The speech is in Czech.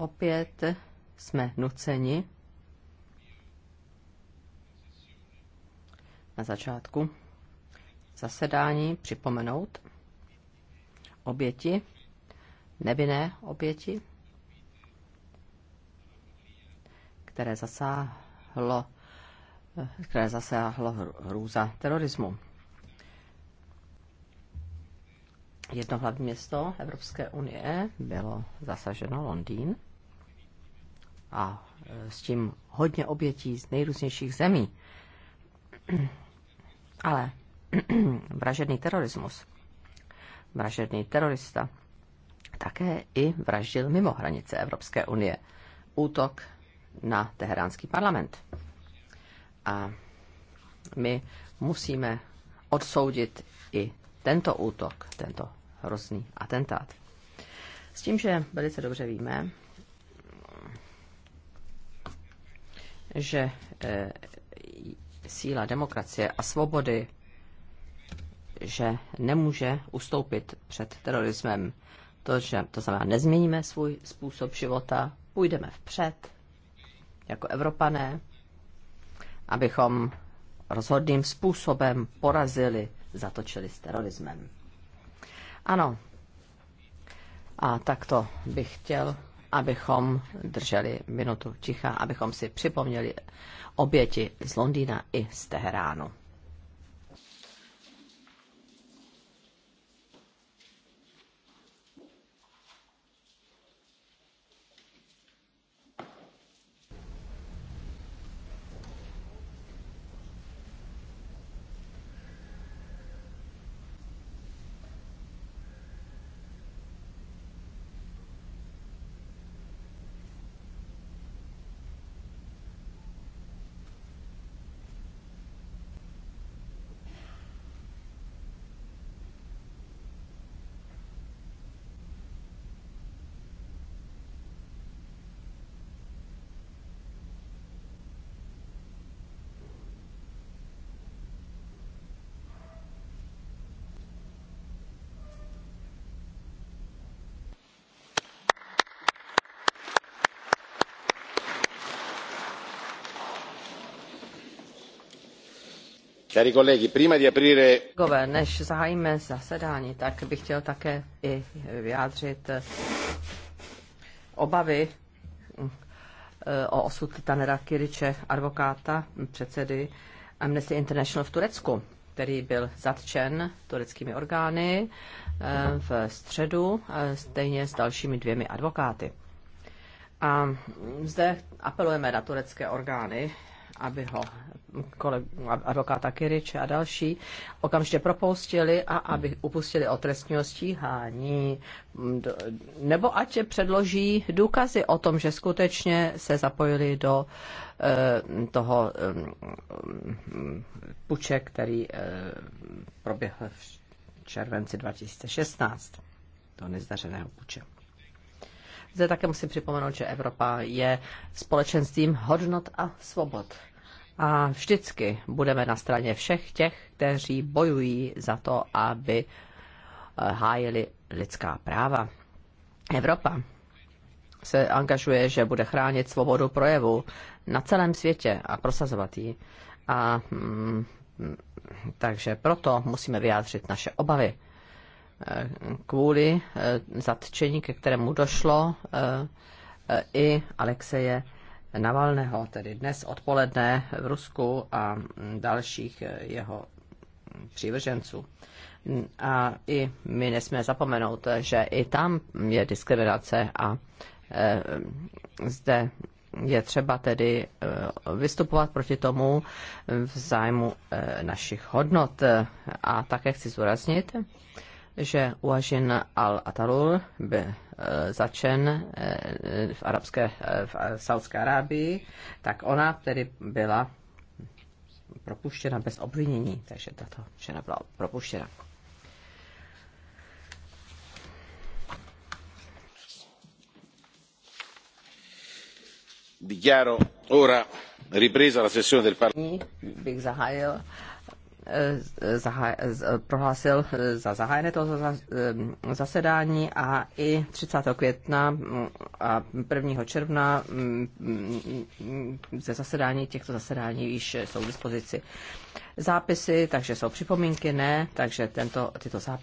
opět jsme nuceni na začátku zasedání připomenout oběti, nevinné oběti, které zasáhlo, které zasáhlo hrůza terorismu. Jedno hlavní město Evropské unie bylo zasaženo Londýn a e, s tím hodně obětí z nejrůznějších zemí. Ale vražedný terorismus, vražedný terorista, také i vraždil mimo hranice Evropské unie. Útok na teheránský parlament. A my musíme odsoudit i tento útok, tento hrozný atentát. S tím, že velice dobře víme, že e, síla demokracie a svobody, že nemůže ustoupit před terorismem. To, že, to znamená, nezměníme svůj způsob života, půjdeme vpřed, jako Evropané, abychom rozhodným způsobem porazili, zatočili s terorismem. Ano, a takto bych chtěl abychom drželi minutu ticha, abychom si připomněli oběti z Londýna i z Teheránu. než zahájíme zasedání, tak bych chtěl také i vyjádřit eh, obavy eh, o osud Tanera Kiriče, advokáta, předsedy Amnesty International v Turecku, který byl zatčen tureckými orgány eh, v středu, stejně s dalšími dvěmi advokáty. A zde apelujeme na turecké orgány, aby ho advokáta Kiriče a další, okamžitě propustili a aby upustili od trestního stíhání. Nebo ať předloží důkazy o tom, že skutečně se zapojili do eh, toho eh, puče, který eh, proběhl v červenci 2016, toho nezdařeného puče. Zde také musím připomenout, že Evropa je společenstvím hodnot a svobod. A vždycky budeme na straně všech těch, kteří bojují za to, aby eh, hájili lidská práva. Evropa se angažuje, že bude chránit svobodu projevu na celém světě a prosazovat ji. A mm, takže proto musíme vyjádřit naše obavy eh, kvůli eh, zatčení, ke kterému došlo i Alexeje Navalného, tedy dnes odpoledne v Rusku a dalších jeho přívrženců. A i my nesmíme zapomenout, že i tam je diskriminace a e, zde je třeba tedy e, vystupovat proti tomu v zájmu e, našich hodnot. A také chci zúraznit, že Uažin al-Atalul by eh, začen eh, v, arabské, eh, v Saudské Arábii, tak ona tedy byla propuštěna bez obvinění, takže tato žena byla propuštěna. Dichiaro ora ripresa la sessione del Parlamento prohlásil za zahájené toho zasedání a i 30. května a 1. června ze zasedání těchto zasedání již jsou k dispozici zápisy, takže jsou připomínky, ne, takže tento, tyto zápisy